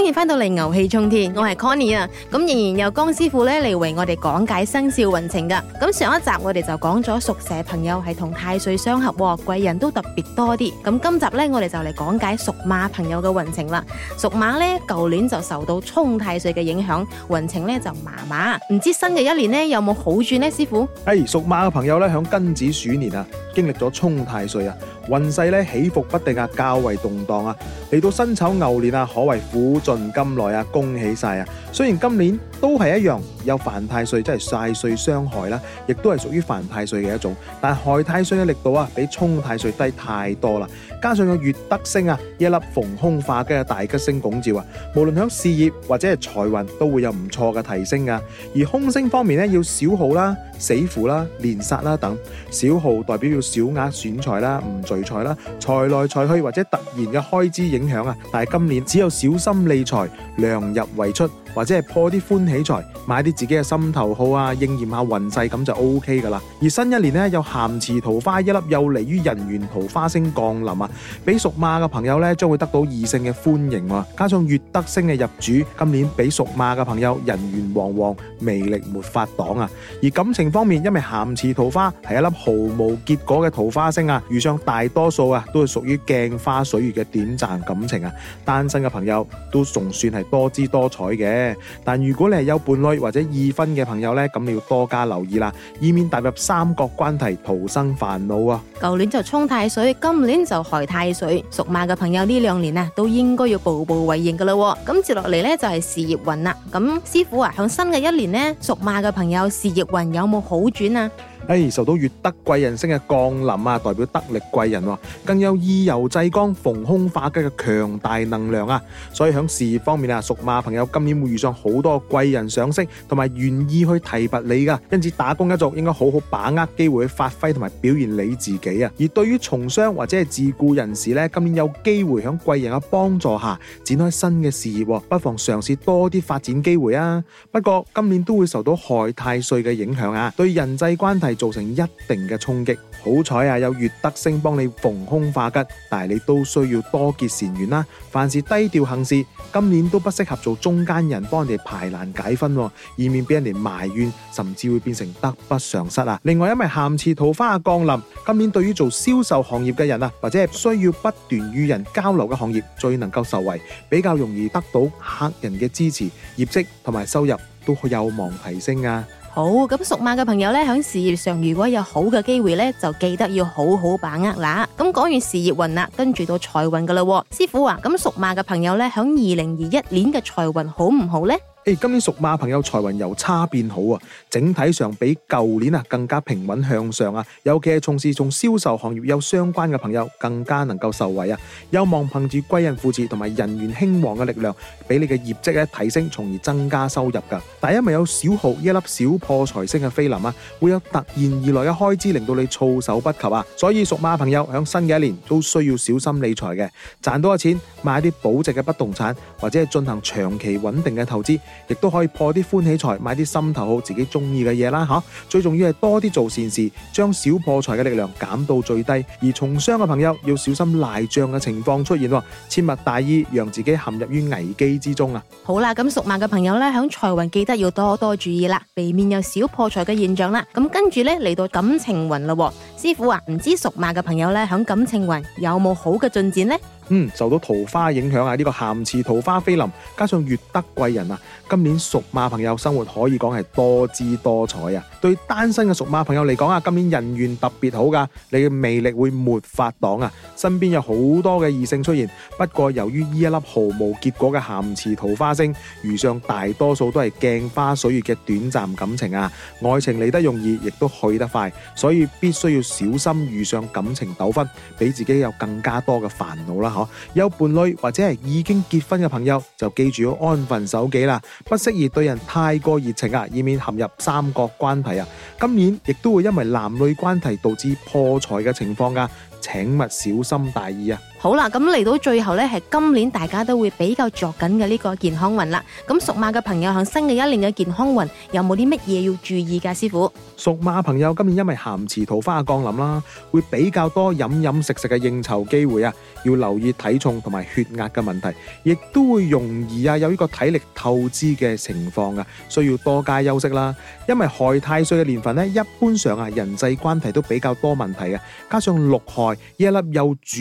歡迎翻到嚟牛氣沖天，我係 Connie 啊，咁仍然由江師傅咧，嚟為我哋講解生肖運程噶。咁上一集我哋就講咗屬蛇朋友係同太歲相合，貴人都特別多啲。咁今集咧，我哋就嚟講解屬馬朋友嘅運程啦。屬馬咧，舊年就受到沖太歲嘅影響，運程咧就麻麻。唔知新嘅一年咧有冇好轉呢？師傅？係，哎，屬馬嘅朋友咧，響庚子鼠年啊，經歷咗沖太歲啊。運勢咧起伏不定啊，較為動蕩啊。嚟到辛丑牛年啊，可謂苦盡甘來啊，恭喜晒啊！雖然今年都係一樣有犯太歲，即係晒歲傷害啦，亦都係屬於犯太歲嘅一種。但係害太歲嘅力度啊，比沖太歲低太多啦。加上有月德星啊，一粒逢凶化吉嘅大吉星拱照啊，無論響事業或者係財運都會有唔錯嘅提升噶。而空星方面咧，要小耗啦、死符啦、連殺啦等。小耗代表要小額損財啦，唔聚。財啦，財來財去或者突然嘅開支影響啊，但係今年只有小心理財，量入為出。或者係破啲歡喜財，買啲自己嘅心頭好啊，應驗下運勢咁就 OK 噶啦。而新一年呢，有咸池桃花一粒，又嚟於人緣桃花星降臨啊！俾屬馬嘅朋友呢，將會得到異性嘅歡迎，加上月德星嘅入主，今年俾屬馬嘅朋友人緣旺旺，魅力沒法擋啊！而感情方面，因為咸池桃花係一粒毫無結果嘅桃花星啊，遇上大多數啊都係屬於鏡花水月嘅短暫感情啊。單身嘅朋友都仲算係多姿多彩嘅。但如果你係有伴侶或者已婚嘅朋友咧，咁你要多加留意啦，以免踏入三角關係，徒生煩惱啊！舊年就沖太歲，今年就害太歲。屬馬嘅朋友呢兩年啊，都應該要步步為營噶啦。咁接落嚟咧就係事業運啦。咁師傅啊，響新嘅一年呢，屬馬嘅朋友事業運有冇好轉啊？誒、哎，受到月德貴人星嘅降臨啊，代表得力貴人、啊，更有意由制光逢凶化吉嘅強大能量啊！所以響事業方面啊，屬馬朋友今年會遇上好多貴人賞識，同埋願意去提拔你噶、啊。因此打工一族應該好好把握機會去發揮同埋表現你自己啊！而對於從商或者係自僱人士呢，今年有機會響貴人嘅幫助下展開新嘅事業、啊，不妨嘗試多啲發展機會啊！不過今年都會受到害太歲嘅影響啊，對人際關係，係造成一定嘅衝擊，好彩啊！有月德星幫你逢凶化吉，但係你都需要多結善緣啦。凡事低調行事，今年都不適合做中間人幫人哋排難解紛，以免俾人哋埋怨，甚至會變成得不償失啊！另外，因為咸池桃花降臨，今年對於做銷售行業嘅人啊，或者係需要不斷與人交流嘅行業，最能夠受惠，比較容易得到客人嘅支持，業績同埋收入都有望提升啊！好咁，屬、哦、馬嘅朋友呢，喺事業上如果有好嘅機會呢，就記得要好好把握啦。咁、嗯、講完事業運啦，跟住到財運㗎喇喎。師傅話、啊：，咁屬馬嘅朋友呢，響二零二一年嘅財運好唔好呢？誒，hey, 今年屬馬朋友財運由差變好啊，整體上比舊年啊更加平穩向上啊，尤其係從事從銷售行業有相關嘅朋友更加能夠受惠啊，有望憑住貴人扶持同埋人緣興旺嘅力量，俾你嘅業績咧提升，從而增加收入噶。但因為有小耗一粒小破財星嘅飛臨啊，會有突然而來嘅開支，令到你措手不及啊，所以屬馬朋友喺新嘅一年都需要小心理財嘅，賺多嘅錢買一啲保值嘅不動產，或者進行長期穩定嘅投資。亦都可以破啲歡喜財，買啲心頭好自己中意嘅嘢啦，吓！最重要係多啲做善事，將小破財嘅力量減到最低。而從商嘅朋友要小心賴賬嘅情況出現，切勿大意，讓自己陷入於危機之中啊！好啦，咁屬馬嘅朋友咧，響財運記得要多多注意啦，避免有小破財嘅現象啦。咁跟住咧嚟到感情運喎。師傅啊，唔知屬馬嘅朋友呢，響感情運有冇好嘅進展呢？嗯，受到桃花影響啊，呢個咸池桃花飛臨，加上月德貴人啊，今年屬馬朋友生活可以講係多姿多彩啊。對單身嘅屬馬朋友嚟講啊，今年人緣特別好噶，你嘅魅力會沒法擋啊。身邊有好多嘅異性出現，不過由於呢一粒毫無結果嘅咸池桃花星，遇上大多數都係鏡花水月嘅短暫感情啊。愛情嚟得容易，亦都去得快，所以必須要。小心遇上感情糾紛，俾自己有更加多嘅煩惱啦，吓，有伴侶或者係已經結婚嘅朋友就記住要安分守己啦，不適宜對人太過熱情啊，以免陷入三角關係啊！今年亦都會因為男女關係導致破財嘅情況㗎！請勿小心大意啊！好啦，咁嚟到最後呢，係今年大家都會比較着緊嘅呢個健康運啦。咁屬馬嘅朋友喺新嘅一年嘅健康運有冇啲乜嘢要注意噶？師傅，屬馬嘅朋友今年因為咸池桃花降臨啦，會比較多飲飲食食嘅應酬機會啊，要留意體重同埋血壓嘅問題，亦都會容易啊有呢個體力透支嘅情況啊，需要多加休息啦。因為害太歲嘅年份呢，一般上啊人際關係都比較多問題啊，加上六害。一粒又主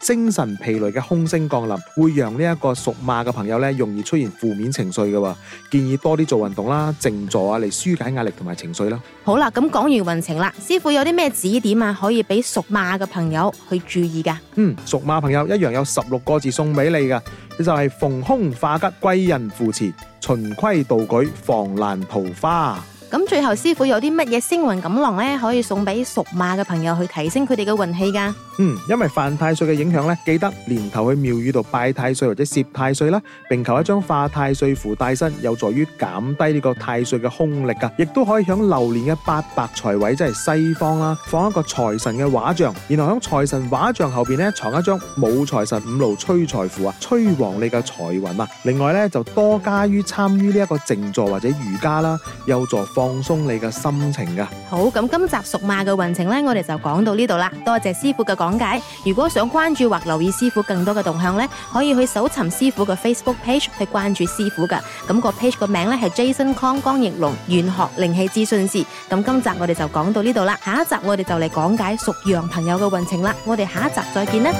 精神疲累嘅空星降臨，會讓呢一個屬馬嘅朋友咧容易出現負面情緒嘅，建議多啲做運動啦、靜坐啊嚟舒解壓力同埋情緒啦。好啦，咁講完運程啦，師傅有啲咩指點啊，可以俾屬馬嘅朋友去注意噶？嗯，屬馬朋友一樣有十六個字送俾你嘅，就係、是、逢凶化吉、貴人扶持、循規蹈矩、防爛桃花。咁最後，師傅有啲乜嘢星雲錦囊可以送俾屬馬嘅朋友去提升佢哋嘅運氣㗎？嗯，因為犯太歲嘅影響咧，記得年頭去廟宇度拜太歲或者攝太歲啦，並求一張化太歲符帶身，有助於減低呢個太歲嘅凶力啊。亦都可以響流年嘅八白財位，即係西方啦，放一個財神嘅畫像，然後響財神畫像後邊咧藏一張武財神五路催財符啊，催旺你嘅財運啊。另外咧就多加於參與呢一個靜坐或者瑜伽啦，有助放鬆你嘅心情噶。好，咁今集屬馬嘅運程咧，我哋就講到呢度啦，多謝師傅嘅講。講解，如果想關注或留意師傅更多嘅動向咧，可以去搜尋師傅嘅 Facebook page 去關注師傅噶。咁、那個 page 個名咧係 Jason Kong 江奕龍玄學靈氣諮詢師。咁今集我哋就講到呢度啦，下一集我哋就嚟講解屬羊朋友嘅運程啦。我哋下一集再見啦。